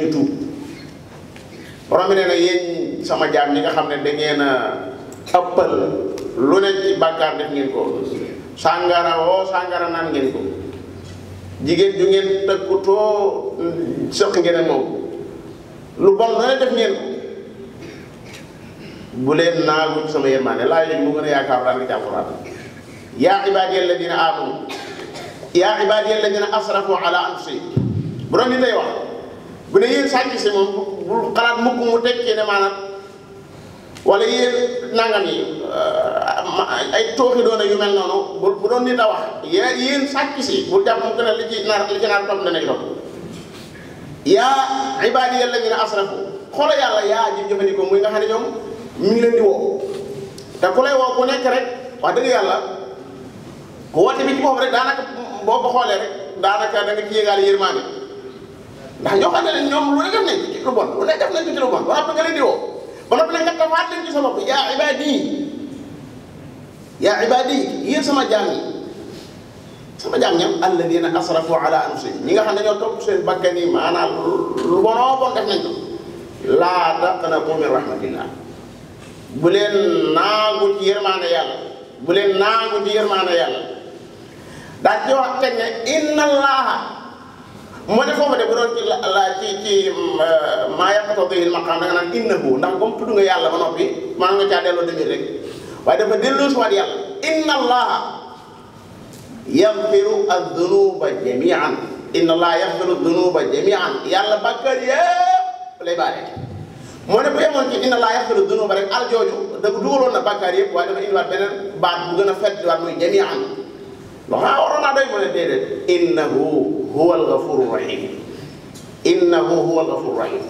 ñu tuub na yéen sama jaam ñi nga xam ne dangeen a ëppal lu ne ci bàkkaar def ngeen ko sàngara woo sàngara naan ngeen ko jigéen ju ngeen tëkkutoo sëq ngeen moom lu bon lu ne def ngeen ko bu leen naagu sama yërmaande laa yooyu mu gën a yaakaar daal nga ci alquran yaa ibaadiya alladina aamanu yaa ibaadiya alladina asrafu ala anfusihim borom bi wax bu ne yéen sàcc si moom bul xalaat mukk mu tekkee ne maanaam wala yéen nangam yi euh, ay tooxi doona yu mel noonu bu bu doon nit a wax yéen yéen sàcc si bul jàpp mu gën a li ci nar li ci nar topp na nekk topp yaa ibaadiya alladiina asrafu jëfandikoo muy nga xam ne ñoom mi ngi leen di te ku lay woo ku nekk rek wax dëgg yàlla woote bi ci boppam rek daanaka boo ko xoolee rek daanaka da nga ci yéegaale yërmaande ndax ñoo xam ne ñoom lu ne def nañ ci lu bon lu ne def nañ ci lu bon ba noppi nga leen di woo ba noppi nag nga tafaat leen ci sa bopp yaa ibaadi yaa ibaadi yéen sama jaam yi sama jaam ñam alladina asrafu ala anfusihim ñi nga xam ne ñoo topp seen bakkan yi maanaam lu bonoo bon def nañ ko laa taqnatu min rahmatillah bu leen naagu ci yërmaande yàlla bu leen naagu ci yërmaande yàlla daal ci wax teg ne inna allaha mu ne foofu de bu doon ci la ci ci euh, maa yaqatoo bihi maqaam da nga naan innahu ndax comme tudd nga yàlla ba noppi maa nga caa delloo demir rek waaye dafa delloo suwaat yàlla inna allaha yaghfiru addunuba jamian inna allaha yaghfiru addunuba jamian yàlla bàkkaar yëpp lay baale moo ne bu yemoon ci inna allaha yaghfiru addunuba rek al da dugaloon na bàkkaar yëpp waaye dafa indiwaat gën a fettiwaat muy jamian waxaa waroon naa doy mu ne déedéet innahu huwa alghafuru rahim huwa alghafuru rahim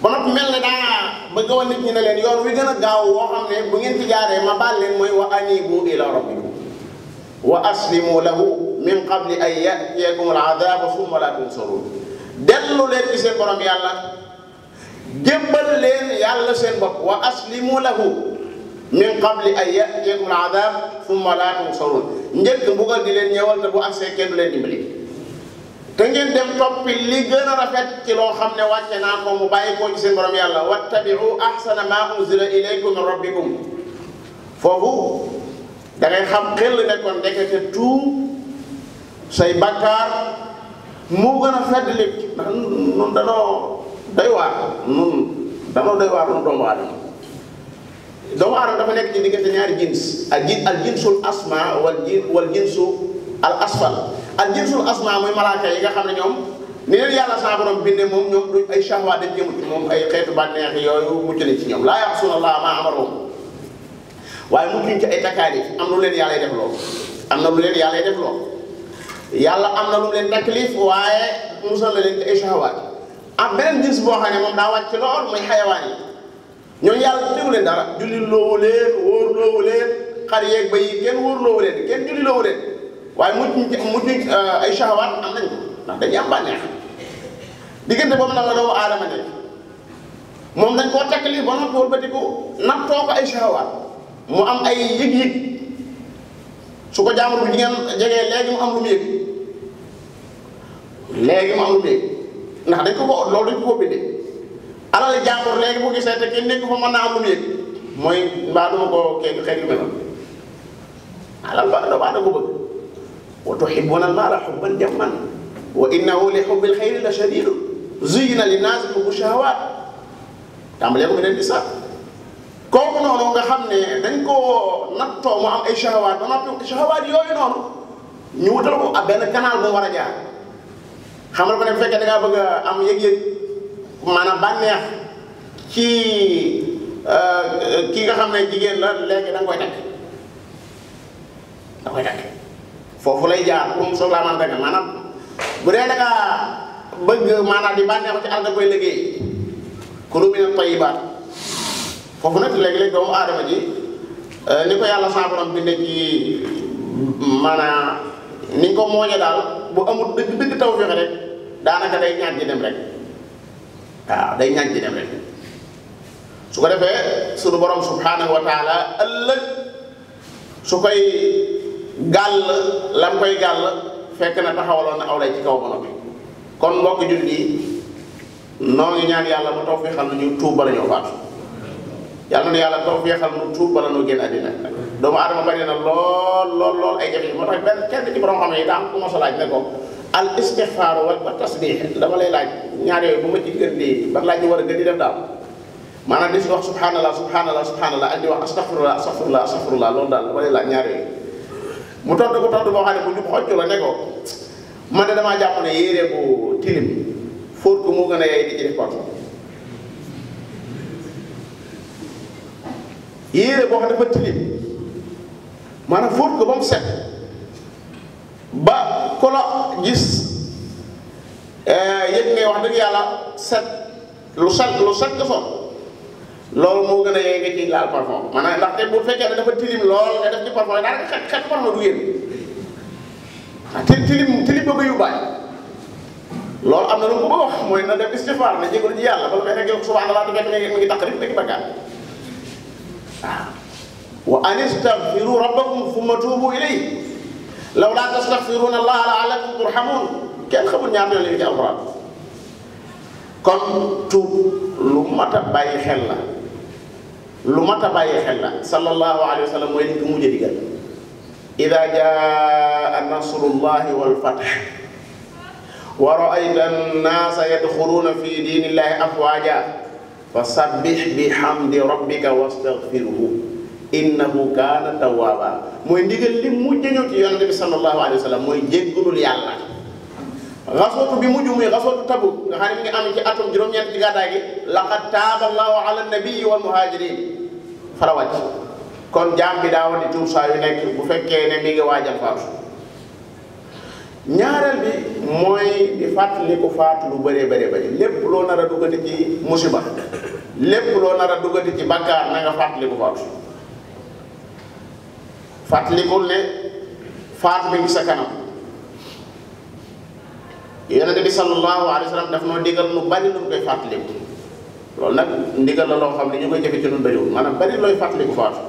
ba noppi mel ne daa bëgg woon nit ñi ne leen yoon wi gën a gaaw woo xam ne bu ngeen ci jaaree ma baal leen mooy wa anibu ila bi wa aslimu lahu min qabli an yatiyakum al adabu summa la dellu leen ci seen borom yàlla jébbal leen yàlla seen bopp wa aslimu lahu min qabli an ya'tiyakum al-'adhab thumma la tunsarun njëkk mbugal di leen ñëwal te bu agsee kenn du leen dimbali te ngeen dem toppi li gën a rafet ci loo xam ne wàcce naa ko mu bàyyi koo ci seen borom yàlla wattabi'u ahsana ma unzila ilaykum min rabbikum xam xel ne kon ndekete tuub say bakkaar moo gën a fedd lépp ndax nun danoo doy waar nun danoo doy waar nun doomu aadama doomu aadama dafa nekk ci diggante ñaari jins al jin al jinsul asma wal jin wal jinsu al asfal al jinsul asma mooy malaaka yi nga xam ne ñoom ni leen yàlla saa borom binde moom ñoom du ay shahwa dañ ci moom ay xeetu bànneex yooyu mucc nañ ci ñoom laa yaxsuuna allaha maa amarahum waaye mucc nañ ci ay am na lu leen yàlla def loolu am na lu leen yàlla def loolu yàlla am na lu leen taklif waaye musal na leen ci ay shahwaat am beneen jins boo xam ne moom daa ci lool muy xayawaan yi ñooñu yàlla déglu leen dara julli loowu leen wóor loowu leen xar yeeg ba yi kenn wóor loowu leen kenn julli loowu leen waaye mujj mujj euh, ay saxawaat am nañ ko ndax dañuy am bànneex nag la ba noppi wëlbatiku nattoo ko ay saxawaat mu am ay yëg-yëg su ko jaamur bi ngeen jegee léegi mu am lu mu yëg léegi mu am lu mu yëg ndax dañ ko ko loolu dañ ko ko alal jàmbur léegi bu gisee te kenn nekk fa mën naa mu yëg mooy mbaa ko kii xeet yu mel noonu alal ba doomu aadama bëgg wa tuhibbuna al la shadiid zuyyina kooku noonu nga xam ne dañ koo nattoo mu am ay shahawaat ba noppi shahawaat yooyu ko ab benn a jaar xamal ko ne bu fekkee da bëgg am yëg-yëg. maanaam bànneex ci euh, ki nga xam ne jigéen la léegi da nga koy takk foofu lay jaar pour mu soog laa maanaam bu dee da bëgg maanaam di bànneexu ci àll da koy liggéey kulu mina tayyibaat foofu nag léegi-léegi doomu aadama ji euh, ni ko yàlla saa borom bi nekk ci maanaam ni ñu ko mooñe daal bu amul dëgg dëgg taw fexe rek daanaka day ñaan ji dem rek waaw day ñañ ci dem rek su ko defee sunu borom subhanahu wa taala ëllëg su koy gàll la mu koy gàll fekk na taxawaloon na aw lay ci kaw ba noppi kon mbokk jullit yi noo ngi ñaan yàlla mu tawfeexal nu ñuy tuub bala ñoo faatu yàlla na yàlla tawfeexal nu tuub bala noo génn àddina doomu aadama bari na lool lool lool ay jafe moo tax benn kenn ci borom xam ne yi am ku mos a laaj ne ko al istixfaar wal ba tasbiix dama lay laaj ñaar bu ma ci gën di ban laaj ñu war a gën di def daal maanaam di si wax subhanallah subhanallah subhanallah ak di wax astaghfirullah astaghfirullah loolu daal dama lay laaj ñaar mu tontu ko tontu boo xam ne bu ñu xocc la ne ko man de damaa jàpp ne yére bu tilim fóot ko moo gën a yey di ci def boo xam ne dafa tilim maanaam fóot ko ba mu set ba ku la gis eh, yëg ngay wax dëgg yàlla set lu set lu set nga sol loolu moom gën a yee nga ci laal parfum maanaam ndaxte bu fekkee ne dafa tilim lool nga def ci parfum daal xet xet parfum du yéen ah tilim tilim ba bëgg yu bàyyi loolu am na lu mu bëgg wax mooy na def istifaar na jégalu ji yàlla bala may nekk subhaana laa fekk mi ngi tax rek nekk bakkaar waaw wa an istaghfiru rabbakum thumma tuubu ilayhi law laa tastaxfiruuna allah laalakum turhamuun kenn xamul ñaata yoon li ci alxuraan kon tuub lu mat a bàyyi xel la lu mat a bàyyi xel la sallallahu alayhi wa sallam mooy li mu mujj digal ida jaa nasrullahi walfatx wa raayta annaasa yadxuluuna fi diinillahi afwaaja fa sabbix bihamdi rabbika wastaxfirhu innahu kaana tawwaaba mooy ndigal li mujj ñëw ci yoon bi sallallahu alayhi wa sallam mooy jéggalul yàlla rasootu bi mujj muy rasootu tabu nga xam ne mi ngi am ci atum juróom-ñeent ci gàddaay gi laqad taaba allahu ala nabiyyi wal muhajirin farawàcc kon jaam bi daawa di tuub saa yu nekk bu fekkee ne mi ngi waajal faatu ñaareel bi mooy di fàttali ko faatu lu bëree bëri bëri lépp loo nar a duggati ci musiba lépp loo nar a duggati ci bakkaar na nga fàttalikul ne faatu bi ngi sa kanam yonente bi sallallahu alayhi wa sallam daf noo digal lu bari lu koy fàttaliku loolu nag ndigal la loo xam ne ñu koy jëfe ci lu bëriwul maanaam bari looy fàttaliku faatu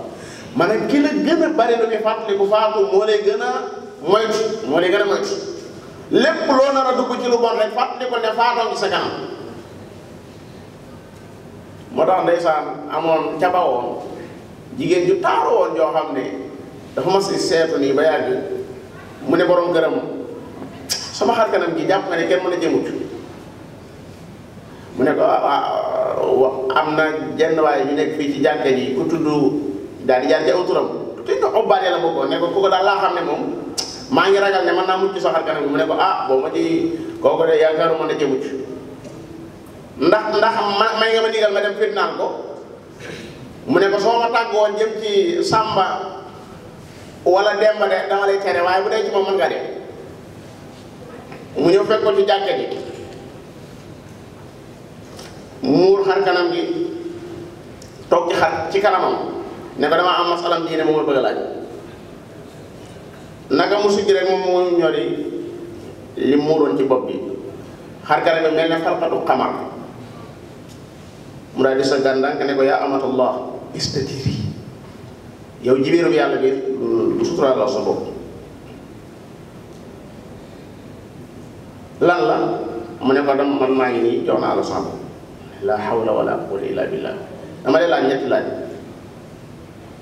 maanaam ki la gën a bari lu koy fàttaliku faatu moo lay gën a moytu moo lay gën a moytu lépp loo nar a dugg ci lu bon rek fàttalikul ne faatoo ngi sa kanam moo tax ndeysaan amoon ca jigéen ju taaru woon joo xam ne dafa mas si seetu nii ba yàgg mu ne borom këram sama xar kanam gi jàpp nga ne kenn mën a jëmut mu ne ko ah, ah, am na jenn waaye ñu nekk fii ci jànke ji ku tudd daal di jaar ci aw turam tuuti ko obbaatee la bokkoon ne ko ku daal laa xam ne moom maa ngi ragal ne mën naa mucc sa xar kanam mu ne ko ah boo ma ci kooku de yaakaaru mën a jëmut ndax ndax may nga ma digal ma dem fitnaan ko mu ne ko soo ma tàggoon jëm ci Samba. wala dem ba de dama lay tere waaye bu dee ci moom mën nga dem mu ñëw fekk ko ci jàkka ji muur xar kanam gi toog ci xar ci kanamam ne ko dama am masalam diine moom la bëgg laaj naka mu sujj rek moom moo ñori li muuroon ci bopp bi xar kanam bi mel ne xalqatu xamar mu daal di sa gàndànk ne ko yaa amatallah istadiri yow jibéeru yàlla bi du suturaaloo sa bopp lan la mu ne ko dam man maa ngi nii jox naa la sama bopp la hawla wala quwwata illa billah dama lay laaj ñetti laaj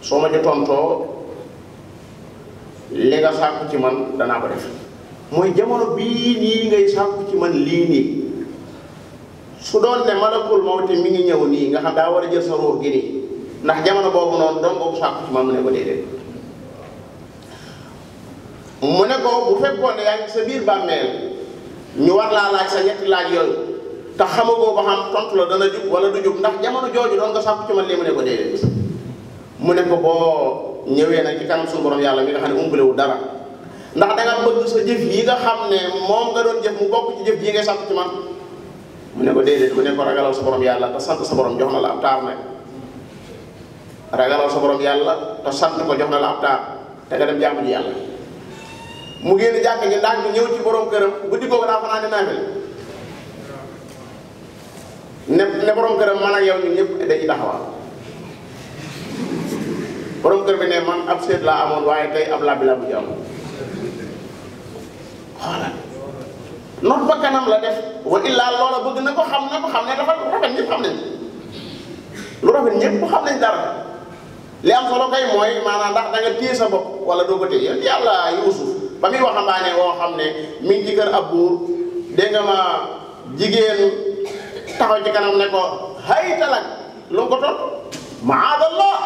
soo ma ci tontoo li nga sàkku ci man danaa ko def mooy jamono bii nii ngay sàkku ci man lii nii su doon ne malakul mawti mi ngi ñëw nii nga xam daa war a jël sa ruux gi nii ndax jamono boobu noonu doom boobu sàkku ci ne ko déedéet mu ne ko bu fekkoon ne yaa sa biir bàmmeel ñu war laa laaj sa ñetti laaj yooyu te xamagoo ba xam tontu dana jub wala du jub ndax jamono jooju doon nga sàkku ci man lii mu ne ko déedéet mu ne ko boo ñëwee nag ci kanam suñu borom yàlla mi nga xam dara ndax da nga bëgg sa jëf yi nga xam ne moom nga doon jëf mu yi ngay sàkku ci man ne ko déedéet mu ne yàlla te sant sa borom jox na la ab taar nag ragalal sa borom yàlla te sant ko jox na la ab taar te nga dem jàmm ji yàlla mu génn jàkk ji ndànk ñëw ci borom këram guddi googu daa fanaan naafil ne ne borom këram man ak yow ñun ñëpp dañuy taxawal borom kër bi ne man ab seet laa amoon waaye tey ab làbbi laa bu ji am xoola noonu ba kanam la def wa illaa loola bëgg na ko xam na ko xam ne dafa rafet ñëpp xam nañ lu rafet ñëpp xam nañ dara li am solo kay mooy maanaam ndax da téye sa bopp wala doo ko téye yéen yàlla Yuusuf ba muy waxambaane woo xam ne mi ngi ci kër ab buur dégg jigéen taxaw ci kanam ne ko hay talak lu ko toog maadallah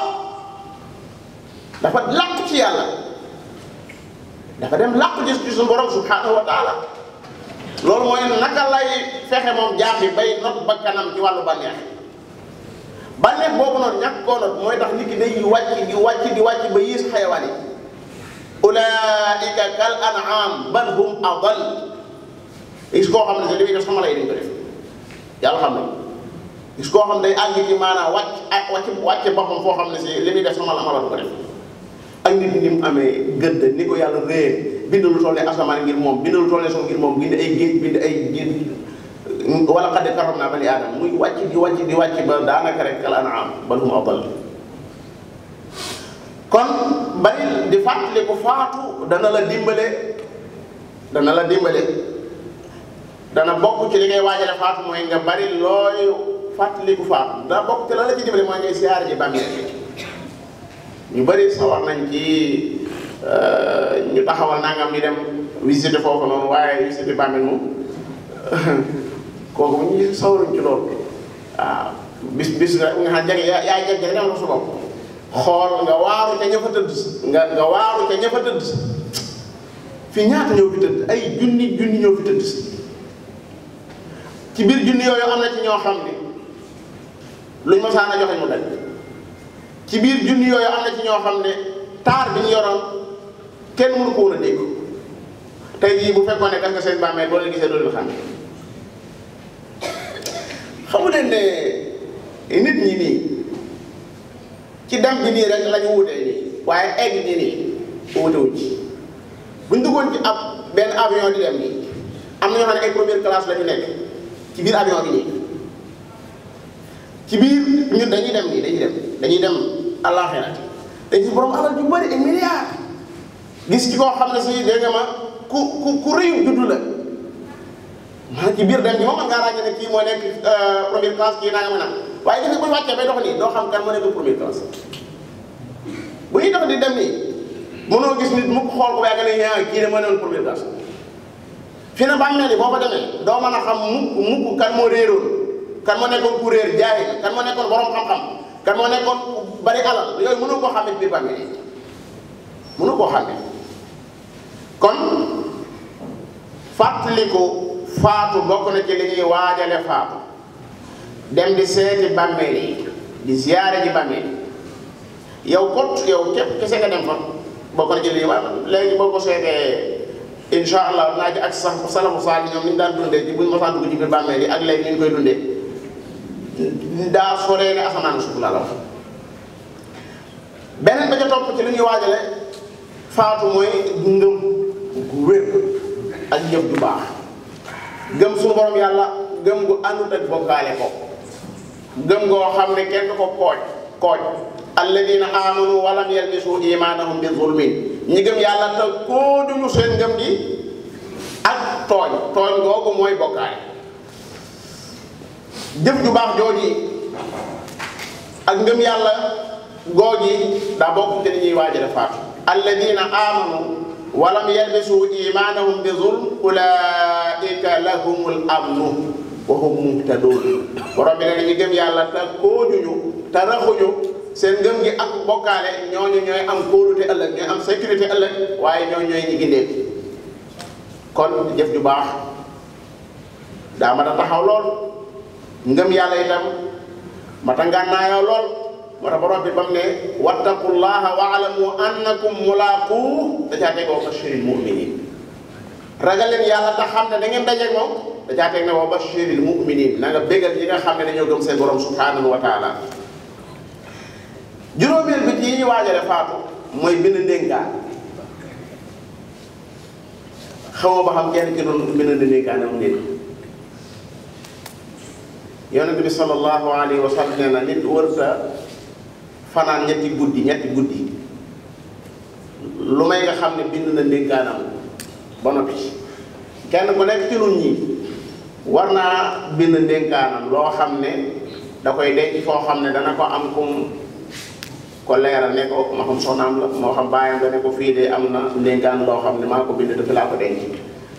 dafa làkk ci yàlla dafa dem làkk ci ci suñu borom subhanahu loolu mooy naka lay fexe moom jaam bi bay not ba kanam ci wàllu bànneex bànneex boobu noonu ñàkk koo noot mooy tax nit ki day wàcc di wàcc di wàcc ba yées xayawaan yi ulaika kal an'am bal hum adal gis koo xam ne li muy def sama lay dañ ko def xam na gis koo xam day àgg ci maanaam wàcc ak wàcc wàcce boppam foo xam ne si li muy def sama la ma la ko def ak nit ni mu amee gëdd ni ko yàlla réer bind lu tollee asamaan ngir moom bind lu tollee ngir moom bind ay géej bind ay géej wala xad karamnaa bani aadama muy wàcc di wàcc di wàcc ba daanaka rek kal an'aam bal hum adall kon bari di fàttali faatu dana la dimbale dana la dimbale dana bokk ci li ngay waajale faatu mooy nga bari looy fàttali faatu dana bokk ci la la ci mooy ngay siyaar ji bàmmeel ñu bari sawar nañ ci euh, ñu taxawal nangam di dem visiter foofu noonu waaye visiter bàmmeel moom kooku ñu sawaruñ ci loolu waaw bis bis nga nga xam jege yaa yaa jeg jeg dama su bopp xool nga waaru ca ña fa tëdd nga nga ñaata ñëw fi tëdd ay junni junni ñëw fi tëdd ci biir junni ci ñoo xam ni luñ ma saan ci biir junni yooyu am na ci ñoo xam ne taar bi ñu yoroon kenn mënu ko woon a dégg tey jii bu fekkoon ne def nga seen bàmmeel boo leen gisee doo leen xam xamu leen ne nit ñi nii ci dem bi nii rek la ñu wutee nii waaye egg ñi nii wutewuñ ci buñ duggoon ci ab benn avion di dem nii am na ñoo xam ne ay première classe la nekk ci biir avion bi ci biir ñun dañuy dem nii dañuy dem dañuy dem àllaaxira dañuy gis borom alal ju bëri ay gis ci koo xam ne si dégg nga ma ku ku ku rëyu juddu la. ci biir dem bi moom man ngaa ràññee ne kii moo nekk euh, première classe kii naa nga mën a waaye gis nga bu wàccee bay dox nii doo xam kan moo nekk première classe bu ñuy dox di dem nii mënoo gis nit mu xool ko ah, demee doo mën a xam mukk mukk kan moo réeroon kan moo nekkoon ku réer jaay kan moo nekkoon borom xam-xam kan moo nekkoon ku bari alal yooyu mënoo koo xamee biir bàmmeel yi mënoo koo xamee kon fàttali faatu bokk na ci li ñuy waajale faatu dem di seeti bàmmeel yi di ziyaare ji bàmmeel yi yow kot yow képp kese nga dem fa bokk na ci li ñuy ñoom ni ñu daan yi ak léegi ni ñu koy dundee la la beneen ba ca waajale faatu mooy ngëm gu wér ak jëf ju baax gëm suñu borom yàlla gëm gu àndut ak ko gëm goo xam ne kenn ko kooj kooj alladina amanu walam yalbisu imanahum bi zulmin ñi gëm yàlla te kooduñu seen ngëm gi ak tooñ tooñ googu mooy bokkaale jëf ju baax jooji ak ngëm yàlla googi daa bokk te ñuy waajale faatu alladina amanu walam yalbisu imaanahum bi zulm ulaika lahumul amnu wa hum muhtadun borom bi ne ñu gëm yàlla te koojuñu te raxuñu seen ngëm gi ak bokkaale ñooñu ñooy am kóolute ëllëg ñooy am sécurité ëllëg waaye ñooñu ñooy ñi gindee kon jëf ju baax daa mat a taxaw lool ngëm yàlla itam mat a ngànnaayoo lool moo tax borom bi ba mu ne wattaqullaha waalamu annakum mulaaquuh da caa teg wa bashiril muminin ragal leen yàlla te xam ne da ngeen moom da caa teg ne wa bashiril muminin na nga bégal ñi nga xam ne dañoo gëm seen borom subhanahu wa taala juróomeel bi ci yi ñu waajale faatu mooy bind ndénkaan xamoo ba xam kenn ki doon bind ndénkaan am déet yonent bi sallallahu alayhi wa sallam nee na nit wërta fanaan ñetti guddi ñetti guddi lu may nga xam ne bind na ndénkaanam ba noppi kenn ku nekk ci ñi war naa bind ndénkaanam loo xam ne da koy denc foo xam ne dana ko am kum ko leeral ne ko ma xam soxnaam la moo xam bàyyam la ne ko fii de am na ndénkaan loo xam ne maa ko bind te laa ko denc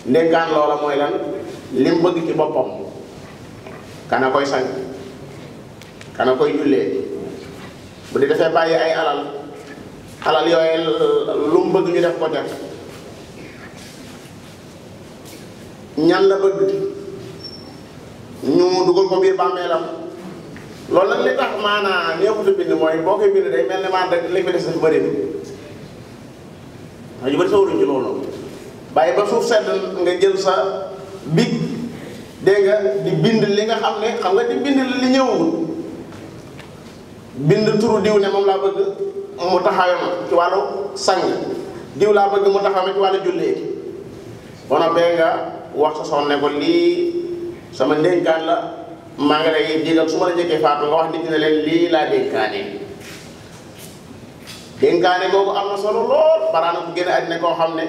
ndénkaan loola mooy lan lim bëgg ci boppam kana koy sañ kana koy jullee bu di dafay bàyyi ay alal alal yooyu lu mu bëgg ñu def ko def ñan la bëgg ñu dugal ko biir bàmmeelam loolu nag li tax maanaa neexutu bind mooy boo koy bind day mel ne maa dëgg li fi des dafa bëri bi wax ju bëri sawruñ ci loolu bàyyi ba suuf sedd nga jël sa big dégg di bind li nga xam ne xam nga di bind li ñëwul bind turu diw ne moom laa bëgg mu taxawe ci wàllu sang diw laa bëgg mu taxawe ma ci wàllu jullee bona bee nga wax sa soxna ko lii sama ndénkaan la maa ngi lay digal su ma la jëkkee faatu nga wax nit ne leen lii laa dénkaane dénkaane boobu am na solo lool baraana ku génn àddina koo xam ne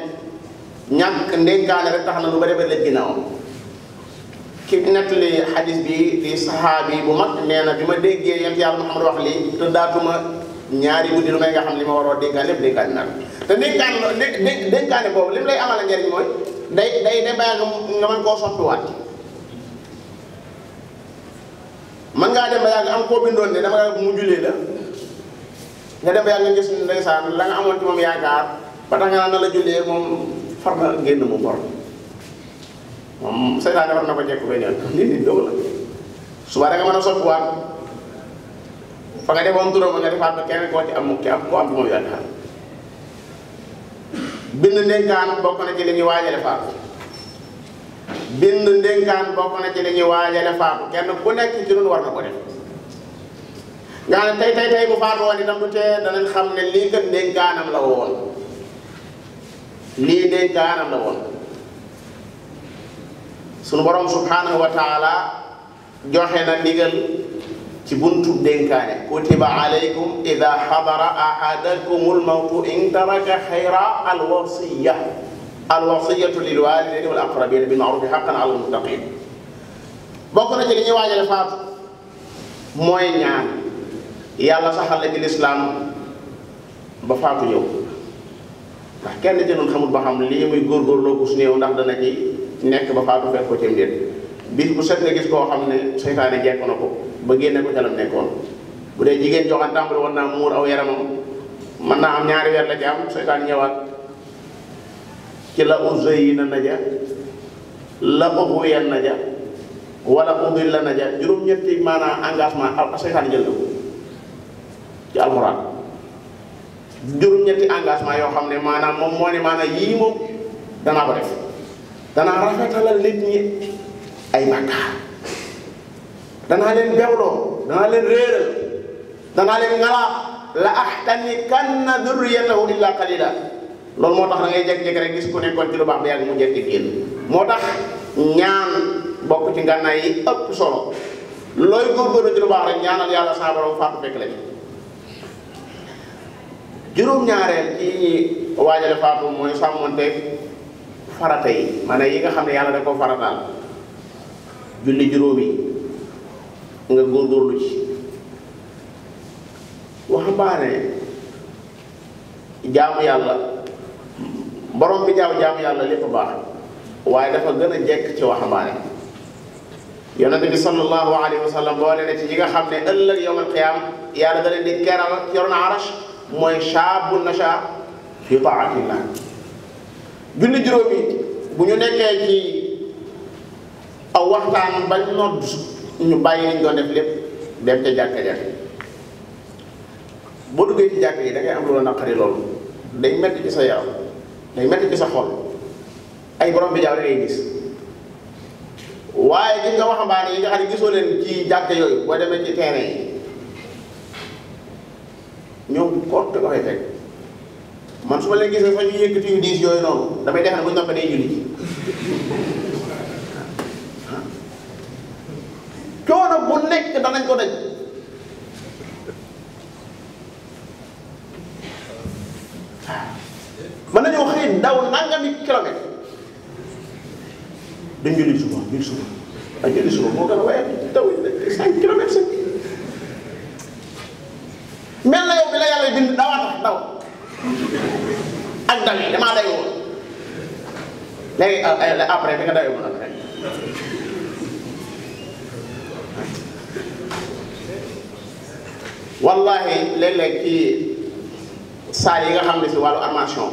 ñàkk ndénkaane rek tax na lu bari bari la ginnaaw ci nettali xadis bi di saxaabi bu mag nee na bi ma déggee yent yàlla Muhammad wax lii xam li ma waroo dénkaan lépp dénkaan naa te dénkaan amal a njariñ mooy day day nga ngaa dem ba am koo bindoon ne mu jullee la nga dem ba yàgg nga gis ndeysaan la nga amoon ci moom yaakaar ba tax nga naan na la jullee moom far génn mu bor moom seytaane war na ko jekk benn yoon suba da nga mën a soppiwaat fa nga defoon duróoma nga defaat ba keneen koo ci am ki am koo am bi moom yàlla xam bind ndénkaan bokk na ci li ñuy waajale faatu bind ndénkaan bokk na ci li nekk ci war na ko def nga ne tey bu faatu woon itam du tee danañ xam ne lii kat ndénkaanam la woon lii ndénkaanam la woon sunu borom subhanahu wa taala joxe na ndigal ci buntu dénkaane kutiba alaykum ida xadara ahadakumul mawtu in taraka xayra alwasiya alwasiyatu lilwalidayni wal aqrabina bil maarufi xaqan ala almuttaqin bokk na ci li ñuy waajale faatu mooy ñaan yàlla saxal la ci lislaam ba faatu ñëw ndax kenn ci noonu xamul ba xam lii muy góorgóorloo ko su néew ndax dana ci nekk ba faatu fekk ko ci mbir bu set nga gis koo xam ne seytaane jekk na ko ba génne ko ca lam nekkoon bu dee jigéen joxan tàmbali woon naa muur aw yaramam mën naa am ñaari weer la ci am seytaan ñëwaat ci la uzayyina naja la ughwiyan naja wala udilla naja juróom-ñetti maanaam engagement ak seytaan jël na ko ci alxuraan juróom-ñetti engagement yoo xam ne maanaam moom moo ne maanaam yii moom danaa ko def danaa rafetalal nit ñi ay bàkkaar danaa leen bewloo danaa leen réeral danaa leen ngalaax la axtanikanna durriyatahu illa qalila loolu moo tax da ngay jékki-jékki rek gis ku moo tax ñaan bokk ci ngànnaay yi ëpp solo yàlla saa borom faatu fekk la juróom-ñaareel ci ñi waajale faatu mooy sàmmonteeg farata yi maanaam yi nga xam ne yàlla da ko farataal julli juróomi nga góorgóorlu ci waxambaane jaamu yàlla borom bi jaaw jaamu yàlla lépp baax waaye dafa gën a jekk ci waxambaane yonente bi sallallahu alayhi wa sallam boo ne ci ñi nga xam ne ëllëg yowmal qiyaam yàlla da leen di keral yor na arash mooy shaabun nasha fi taatillah julli juróomi bu ñu nekkee ci aw waxtaan bañ nodd ñu bàyyi liñ doon def lépp dem ca jàkka ja boo duggee ci jàkka yi da ngay am lu la naqari loolu day metti ci sa yaram day metti ci sa xol ay borom bi jaaw la ngay gis waaye gis nga waxambaane yi nga xam ne gisoo leen ci jàkka yooyu boo demee ci terrain yi ñoom kott nga fay fekk man su ma leen gisee fa ñu yëkkati yu diis yooyu noonu damay defe bu ñu noppee day julli coono bu nekk danañ ko daj mën nañoo xëy ndaw nangami kilomètre dañ julli suba julli suba ak julli suba moo gën a waaye daw cinq mel na yow bi la yàlla bind dawaat ndaw dem tali damaa day woon ah, eh, après da nga wallahi léeg-léeg ci yi nga xam ne si wàllu armation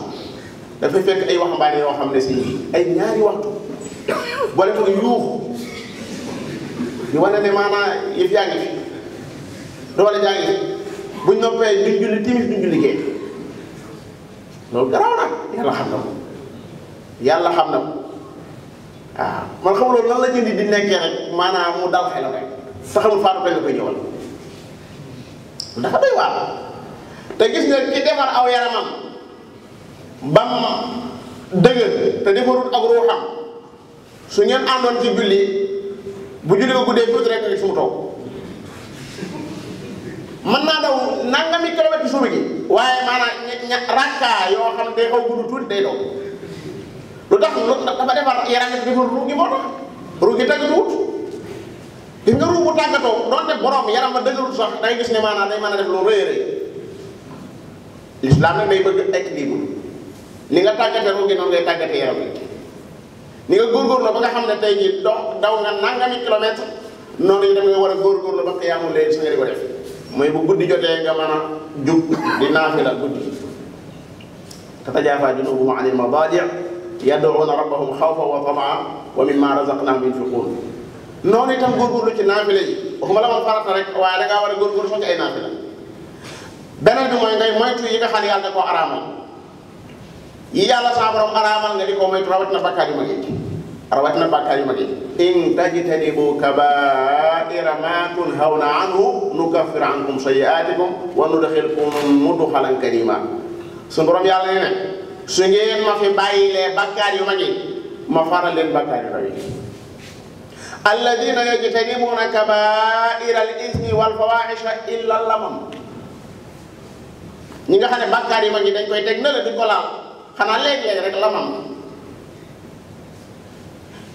dafay fekk ay waxambaane yoo xam ne si ay ñaari waxtu boole ko yuux ñu wane ne maanaam yëf fi doole jaa ngi fi buñ noppee duñ julli timis duñ julli loolu garaaw na yàlla xam na ko yàlla xam na ko waaw man xam loolu la jëndi di nekkee rek maanaam mu dal xelam rek sa xamul faatu kañ la ñëwal dafa doy waar te gis nga ki defar aw yaramam bam dëgër te defarut ak ruuxam su ngeen àndoon ci julli bu julli ko guddee tuuti rek su mu toog mën naa daw nangami kilomètre ci suuf gi waaye maanaa ña rakka yoo xam day xaw gudd tuuti day daw lu tax lu dafa defar yaram it defar ruugi moo tax ruugi tàggatuwut gis nga ruugu tàggatoo doonte borom yaram ba dëgërul sax day gis ne maanaam day mën a def lu rëy a rëy lislaam nag day bëgg équilibre ni nga tàggate ruugi noonu ngay tàggate yaram bi ni nga góorgóorlu ba nga xam ne tey jii dox daw nga nangami kilomètre noonu itam nga war a la ba xiyaamu léegi su nga di ko def. mooy bu guddi jotee nga mën a jug di naafila guddi tatajaafaa junuubuhum anil madaaji' yad'uuna rabbahum xawfan wa tamaan wa mimmaa razaqnaahum yunfiquun noonu itam góorgóorlu ci naafila yi waxuma la woon farata rek waaye da ngaa war a góorgóorlu sax ci ay naafila beneen bi mooy ngay moytu yi nga xam ne koo araamal yi yàlla saa borom araamal di ko moytu rawatina bakkaar yu mag yi rawatina bàkkaar yu mag yi in tajtanibu kabaira ma tunhawna anhu nukaffir ankum sayyi'atikum wa nudkhilkum mudkhalan karima suñu yàlla ne ne su ngeen ma fi bàyyilee bàkkaar yu mag ma faral leen bàkkaar yu ndaw yi yajtanibuna kabaira al ismi wal fawahisha illa lamam ñi nga xam ne bàkkaar yu mag yi dañ koy teg na la xanaa léeg-léeg rek lamam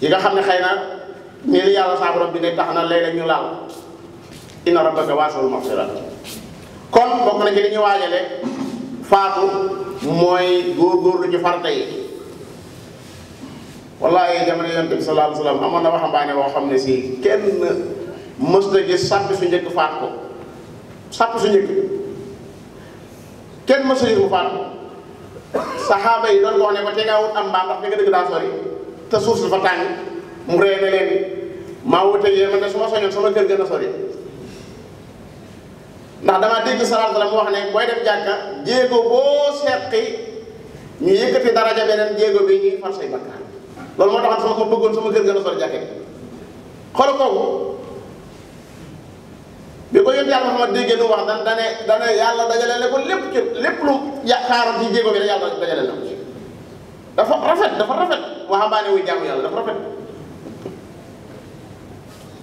yi nga xam ne xëy na nii yàlla saa borom bi ne tax na léeg-léeg ñu laal inna rabbaka waasi'ul maghfira kon bokk na ci li waajale faatu mooy góorgóorlu ci farata yi wallaahi jamono yonent bi sallallahu alayhi wa sallam amoon ne si kenn mës na gis sàppi su njëkk faat ko sàppi su njëkk kenn mës na gis mu faat yi doon ko wax ne ko te nga wut am mbaa ndax fi nga dëgg daa sori te suuf si dafa tàng mu ree ne leen maa wute yéen man de su ma soñoon sama kër gën a sori ndax damaa dégg salaatu la mu wax ne booy def jàkka jéego boo seqi ñu yëkkati daraja beneen jéego bi ñuy far say bakkaar loolu moo taxoon sama ko bëggoon sama kër gën a sori jàkke xool kooku bi ko yónni yàlla ma déggee lu wax dan dane dane yàlla dajale la ko lépp ci lépp lu yàqaaroon ci jéego bi dafa rafet dafa rafet waxambaane wuy jaamu yàlla dafa rafet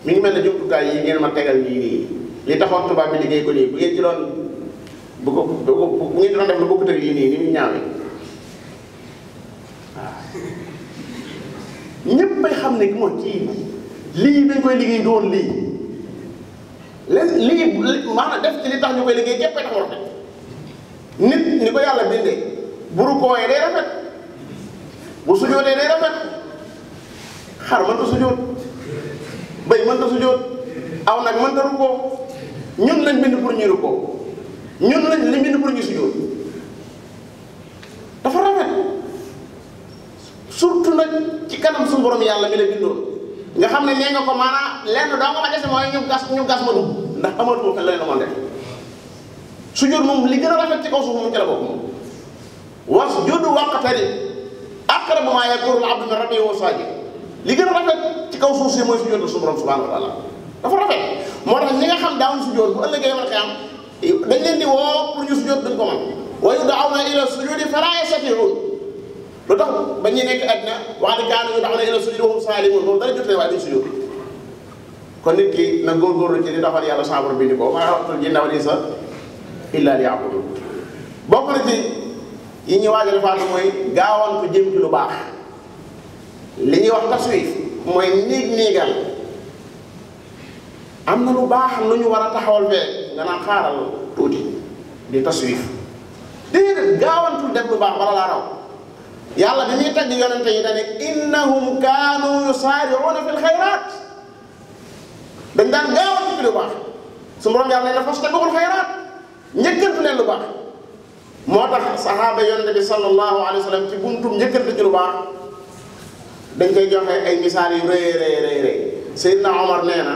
mi ngi mel ne jumtukaay yi ngeen ma tegal nii nii li taxoon tubaab bi liggéey ko nii bu ngeen ci bu ko bu ngeen ci doon def lu bokkut ak yi nii xam ne moom def ci li tax ñu koy liggéey képp tax mu nit ni ko yàlla bindee buru kooyee day rafet bu sujootee day rafet xar mën ta sujoot béy mën ta sujoot aw nag mën ta rukkoo ñun lañ bind pour ñu rukkoo ñun lañ lañ bind pour ñu sujoot dafa rafet surtout nag ci kanam suñu borom yàlla mi la bindoon nga xam ne nee nga ko maanaam lenn doo nga ma dese mooy ñu ñu gas ndax amatuma xel la leen a moom li gën a rafet ci kaw suuf moom ci la bokk moom was juddu wàqtari aqrabu maa yakuunu al abdu wa sajid li gën a rafet ci kaw suuf si mooy sujjóotal suñu borom subhaanahu wa taala dafa rafet moo tax ñi nga xam daawuñ sujjóot bu ëllëgee yawmal qiyaama dañ di woo pour ñu sujjóot na ko mën wa yud'awna lu tax ba ñuy ne kaanu yud'awna wa hum saalimuun na góorgóorlu ci di yàlla sa borom bi ni ko maa xalaqtul jinna wal insa illa liya'buduun bokk na ci yi ñuy waajal faatu mooy gaawoon ko jëm lu baax li ñuy wax taswif mooy niig niigal am na lu baax lu ñu war a taxawal fee nga naan xaaral tuuti di taswif déedéet gaawantul def lu baax wala laa raw yàlla bi muy tagg yonente yi dane innahum kaanu yusaariuuna fi lxayraat dañ daan gaawantu ci lu baax su borom yàlla ne la fastabiqul xayraat njëkkantu leen lu baax moo tax saxaaba yonent bi sallallahu alayhi wa sallam ci buntum njëkkante ci lu dañ koy joxe ay misaal yu rëy rëy rëy rëy Omar nee na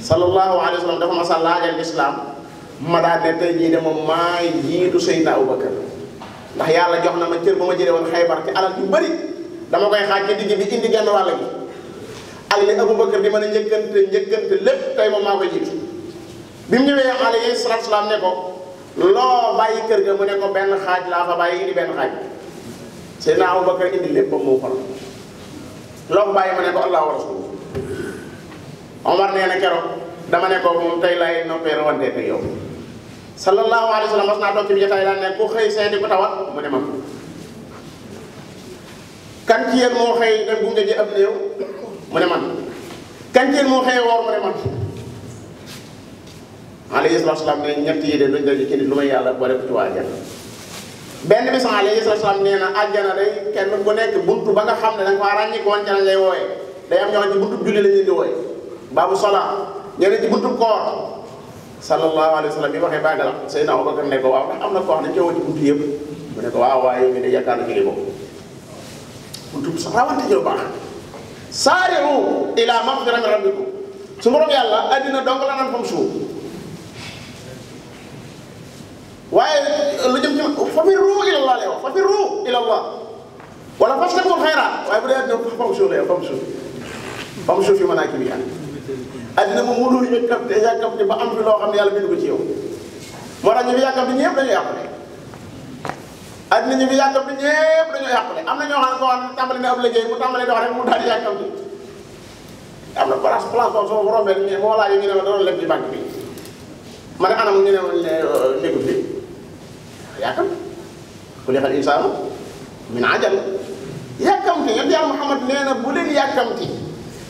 sallallahu alayhi wa sallam dafa ma sa laajal lislaam ma daal ne tey jii de moom maay jiitu Seydina Abubakar ndax yàlla jox na ma cër ba ma jëlee woon xaybar ci alal yu bëri dama koy xaaj ci digg bi indi genn wàll gi ak li Abubakar di mën a lépp tey maa koy jiitu bi mu ñëwee alayhi salaatu salaam ne ko loo bàyyi kër ga mu ne ko benn xaaj laa fa bàyyi indi benn xaaj Seydina Abubakar indi lépp ba mu xol loo ko bàyyi mu ne ko allahu rasul Omar nee na keroog dama ne ko moom tey laay noppee rawante ak yow sallallahu alayhi wa sallam mas naa toog ci bi jotaay daan ne ku xëy seeti ku tawat mu ne ma kan ci yéen moo xëy dem gunge ji ab néew mu ne man kan moo xëy woor mu ne man alayhi salaatu salaam ne ñett yi de duñ daje ci nit lu may yàlla boole ko ci waa àjjana benn bi sama alayhi salaatu salaam nee na àjjana day kenn ku nekk buntu ba nga xam ne da nga faa ràññi ko woon ca lañ lay wooyee day am ñoo xam ne buntu julli la ñuy di wooyee baabu solaa ñeneen ci buntu koor sallallahu alayhi wa sallam bi waxee bàggal Seydina Abubakar ne ko waaw ndax am na koo xam ne coow ci buntu yëpp mu ne ko waaw waaye mi de yaakaar na ci li boobu buntu sax rawante ci lu baax saari'u ilaa maghfiratin min rabbikum su borom yàlla addina dong la nan fam suuf waaye lu jëm ci fa fi ruu ila allah lay wax fa allah wala fastabiqul xayraat waaye bu dee addina fam suuf lay wax fam suuf fam suuf yi mën naa kii addina moom mënul ñu capté yàkkamti ba am fi loo xam ne yàlla bind ko ci yow moo tax ñu ñu fi yàkkamti ñëpp dañu yàqule am na ñoo xam ne koo xam ne tàmbali mu tàmbali dox rek mu am na place place boobu sama ma dara leb ci bi ma ne anam ñu ne ma néegu yàkkam xuliqal insaanu min ajal yàkkamti yonent yàlla Muhammad nee na bu leen yàkkamti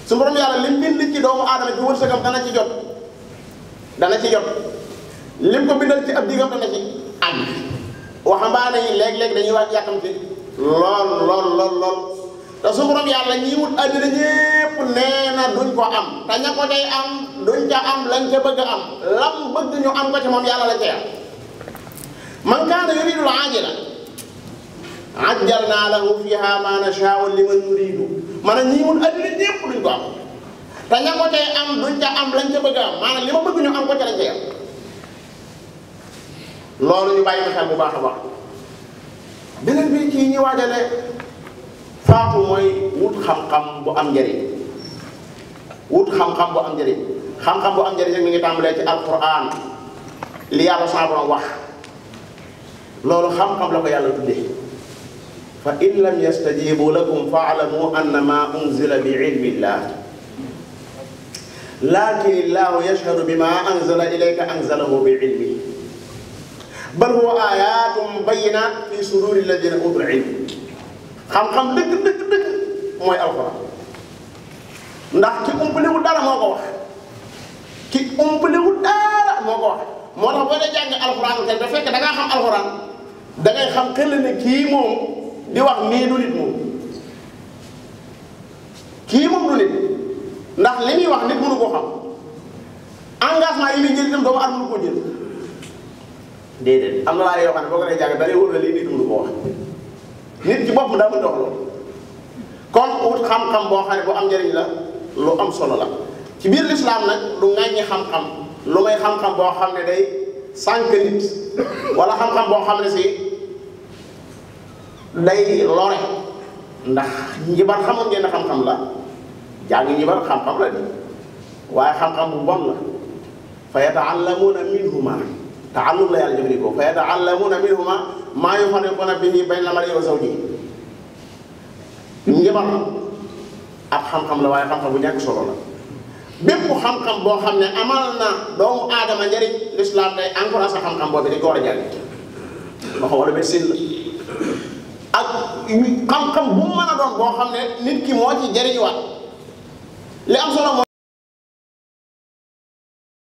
su borom yàlla lim bind ci doomu aadama ci wërsëgam dana ci jot dana ci jot lim ko bindal ci ab digam dana ci am waxambaane yi léeg-léeg dañuy wax yàkkamti lool lool lool lool te su borom yàlla ñiy wut àddina ñépp nee na duñ ko am te ña ko day am duñ ca am lañ ca bëgg am lam bëgg ñu am ko ci moom yàlla la ca man kaana yuridul aajila ajjalnaa lahu fiihaa maa nashaa'u liman nuriidu man a ñii mun adduna ñépp duñ ko am te ña tey am duñ ca am lañ ca bëgg am maanaam li ma bëgg ñu am ko ca lañ loolu ñu bàyyi xel bu bu am njëriñ wut xam-xam bu am njëriñ xam-xam bu am njëriñ rek mi ngi tàmbalee ci alquran li yàlla saa wax loolu xam-xam la ko yàlla tuddee fa in lam yastajibu lakum faalamu annama unzila bi ilmillah lakin illahu yashhadu bima anzala ilayka anzalahu bi ilmi bal huwa ayatum bayinat fi sururi alladina utul ilm xam-xam dëgg dëgg dëgg mooy alquran ndax ki umpaliwu dara moo ko wax ki umpaliwu dara moo ko wax moo tax boo dee jàng alquran te da fekk da ngaa xam alquran da ngay xam xel ne kii moom di wax nii du nit moom kii moom du nit ndax li muy wax nit mënu ko xam engagement yi muy jël itam doomu aadama mënu ko jël déedéet am na laa yoo xam ne boo ko dee jàng da ngay wóor lii nit mënu ko wax nit ci bopp daa mën dox loolu kon wut xam-xam boo xam ne am njëriñ la lu am solo la ci biir lislaam nag lu ŋàññi xam-xam boo xam ne day sànq nit wala xam-xam boo xam ne si day lore ndax njibar xamoon ngeen xam-xam la jàng njibar xam-xam la de waaye xam-xam bu bon la fa yata'allamuuna minhuma ta'allum la yàlla jëfandikoo fa yata'allamuuna minhuma maa yufarriquuna bihi bayna al-mar'i xam-xam la waaye xam-xam bu ñàkk solo la bépp xam-xam boo xam ne amal na doomu aadama njëriñ l'islam day encourage sa xam-xam boobu di ko a jàng nga xam wala médecine ak xam-xam bu mu mën a doon boo xam ne nit ki moo ci wa li am solo